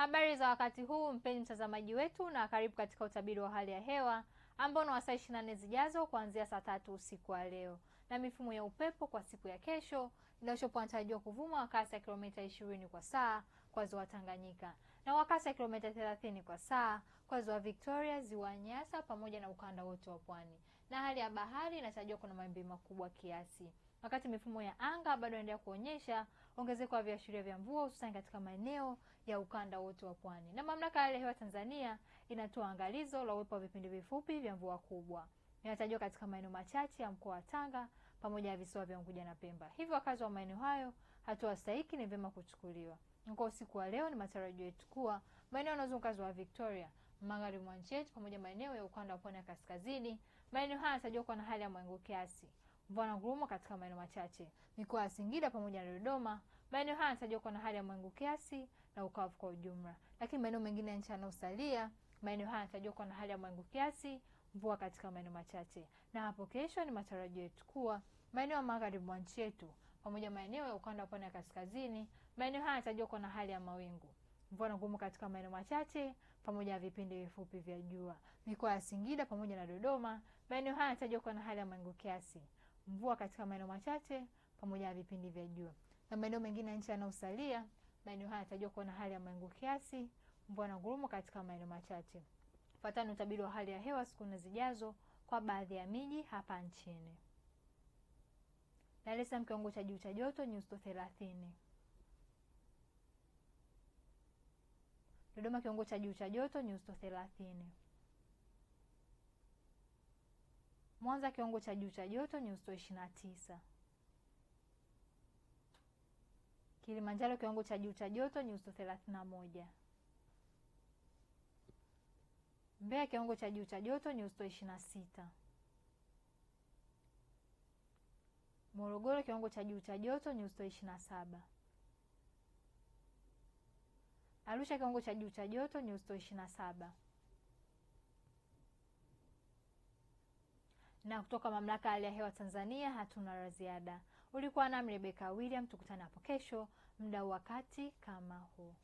Habari za wakati huu mpenzi mtazamaji wetu, na karibu katika utabiri wa hali ya hewa ambao ni wa saa 24 zijazo kuanzia saa tatu usiku wa leo. Na mifumo ya upepo kwa siku ya kesho inatarajiwa kuvuma kwa kasi ya kilomita 20 kwa saa kwa ziwa Tanganyika na wakasi ya kilomita 30 kwa saa kwa ziwa Victoria, ziwa Nyasa pamoja na ukanda wote wa pwani, na hali ya bahari inatarajiwa kuna mawimbi makubwa kiasi, wakati mifumo ya anga bado inaendelea kuonyesha ongezeko la viashiria vya mvua hususani katika maeneo ya ukanda wote wa pwani. Na mamlaka ya hali ya hewa Tanzania inatoa angalizo la uwepo wa vipindi vifupi vya mvua kubwa inatarajiwa katika maeneo machache ya mkoa wa Tanga pamoja na visiwa vya Unguja na Pemba. Hivyo wakazi wa maeneo hayo, hatua stahiki ni vyema kuchukuliwa. Kwa usiku wa leo, ni matarajio yetu kuwa maeneo yanayozunguka ziwa Victoria, magharibi mwa nchi yetu, pamoja maeneo ya ukanda wa pwani ya kaskazini, maeneo haya yanatarajiwa kuwa na hali ya mawingu kiasi, mvua na ngurumo katika maeneo machache. Mikoa ya Singida pamoja na Dodoma, maeneo haya yanatarajiwa kuwa na hali ya mawingu kiasi na ukavu kwa ujumla, lakini maeneo mengine ya nchi yanayosalia, maeneo haya yanatarajiwa kuwa na hali ya mawingu kiasi mvua katika maeneo machache. Na hapo kesho, ni matarajio yetu kuwa maeneo ya magharibi mwa nchi yetu pamoja maeneo ya ukanda wa pwani ya kaskazini. Maeneo haya yanatarajiwa kuwa na hali ya mawingu, mvua na ngumu katika maeneo machache pamoja na vipindi vifupi vya jua. Mikoa ya Singida pamoja na Dodoma, maeneo haya yanatarajiwa kuwa na hali ya mawingu kiasi, mvua katika maeneo machache pamoja na vipindi vya jua. Na maeneo mengine ya nchi yanayosalia, maeneo haya yanatarajiwa kuwa na hali ya mawingu kiasi, mvua na ngurumo katika maeneo machache. Fuatana utabiri wa hali ya hewa siku zijazo kwa baadhi ya miji hapa nchini. Dar es Salaam kiwango cha juu cha joto nyuzi joto thelathini. Dodoma kiwango cha juu cha joto nyuzi joto thelathini. Mwanza kiwango cha juu cha joto nyuzi joto ishirini na tisa. Kilimanjaro kiwango cha juu cha joto nyuzi joto thelathini na moja. Mbeya kiwango cha juu cha joto nyuzi joto ishirini na sita. Morogoro kiwango cha juu cha joto nyuzi joto ishirini na saba. Arusha kiwango cha juu cha joto nyuzi joto ishirini na saba. Na kutoka Mamlaka ya Hali ya Hewa Tanzania hatuna la ziada. Ulikuwa nami Rebeka William, tukutane hapo kesho muda wakati kama huu.